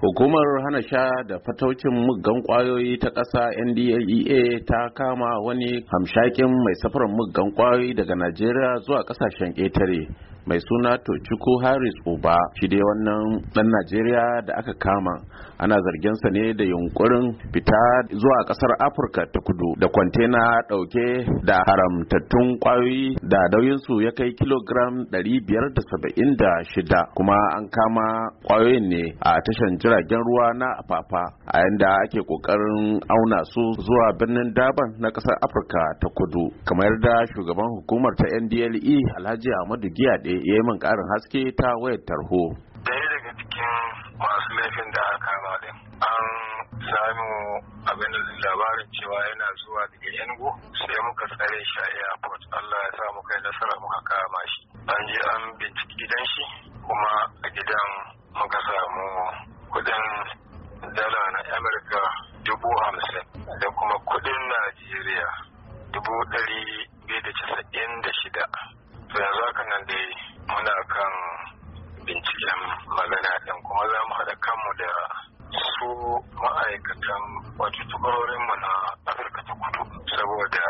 Hukumar hana sha da fataucin muggan kwayoyi ta ƙasa NDLEA e ta kama wani hamshakin mai safarar muggan kwayoyi daga Najeriya zuwa ƙasashen ƙetare mai suna Tochukwu Harris Uba shi dai wannan dan Najeriya da aka kama ana zargin sa ne da yunkurin fita zuwa ƙasar Afirka ta kudu da kwantena ɗauke da haramtattun kwayoyi da dauyinsu ya kai kilogram 576 kuma an kama kwayoyin ne a tashan jiragen ruwa na Afafa a yanda ake ƙoƙarin auna su zuwa birnin Daban na ƙasar Afirka ta kudu kamar da shugaban hukumar ta NDLE Alhaji Ahmadu Giyade ya yi min ƙarin haske ta wayar tarho. Daya daga cikin masu laifin da aka kama din an samu abin labarin cewa yana zuwa daga Enugu sai muka tsare shi a airport Allah ya sa muka yi nasara muka kama shi. An je an binciki gidan shi kuma a gidan muka samu kudin dala na Amurka dubu hamsin da kuma kudin Najeriya dubu ɗari ma'aikatan wato tukurorin mu na Afirka ta Kudu saboda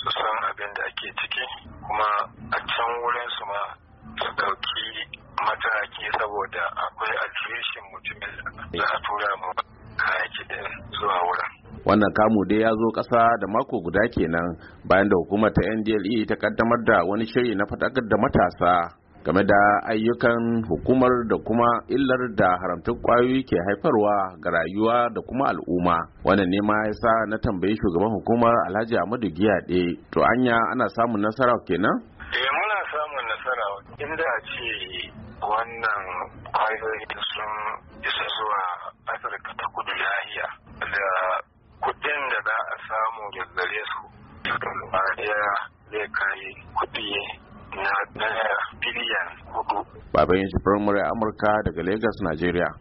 su san abin da ake ciki kuma a can wurin su ma su ɗauki mataki saboda akwai alfishin mutumin da a tura mu kayayyaki da zuwa wurin. wannan kamu dai ya zo ƙasa da mako guda kenan bayan da hukumar ta ndle ta kaddamar da wani shiri na faɗakar da matasa game da ayyukan hukumar da kuma illar da haramtun kwayoyi ke haifarwa ga rayuwa da kuma al'umma wannan ne ma yasa na tambayi shugaban hukumar Alhaji Ahmadu Giyade to anya ana samun nasara kenan eh muna samun nasara inda a ce wannan kwayoyi sun isa zuwa Afirka ta kudu lahiya da kudin da za a samu daga gare su zai kai kudi na biliyan hudu. Baban Jibrin Murai Amurka daga Lagos, Najeriya.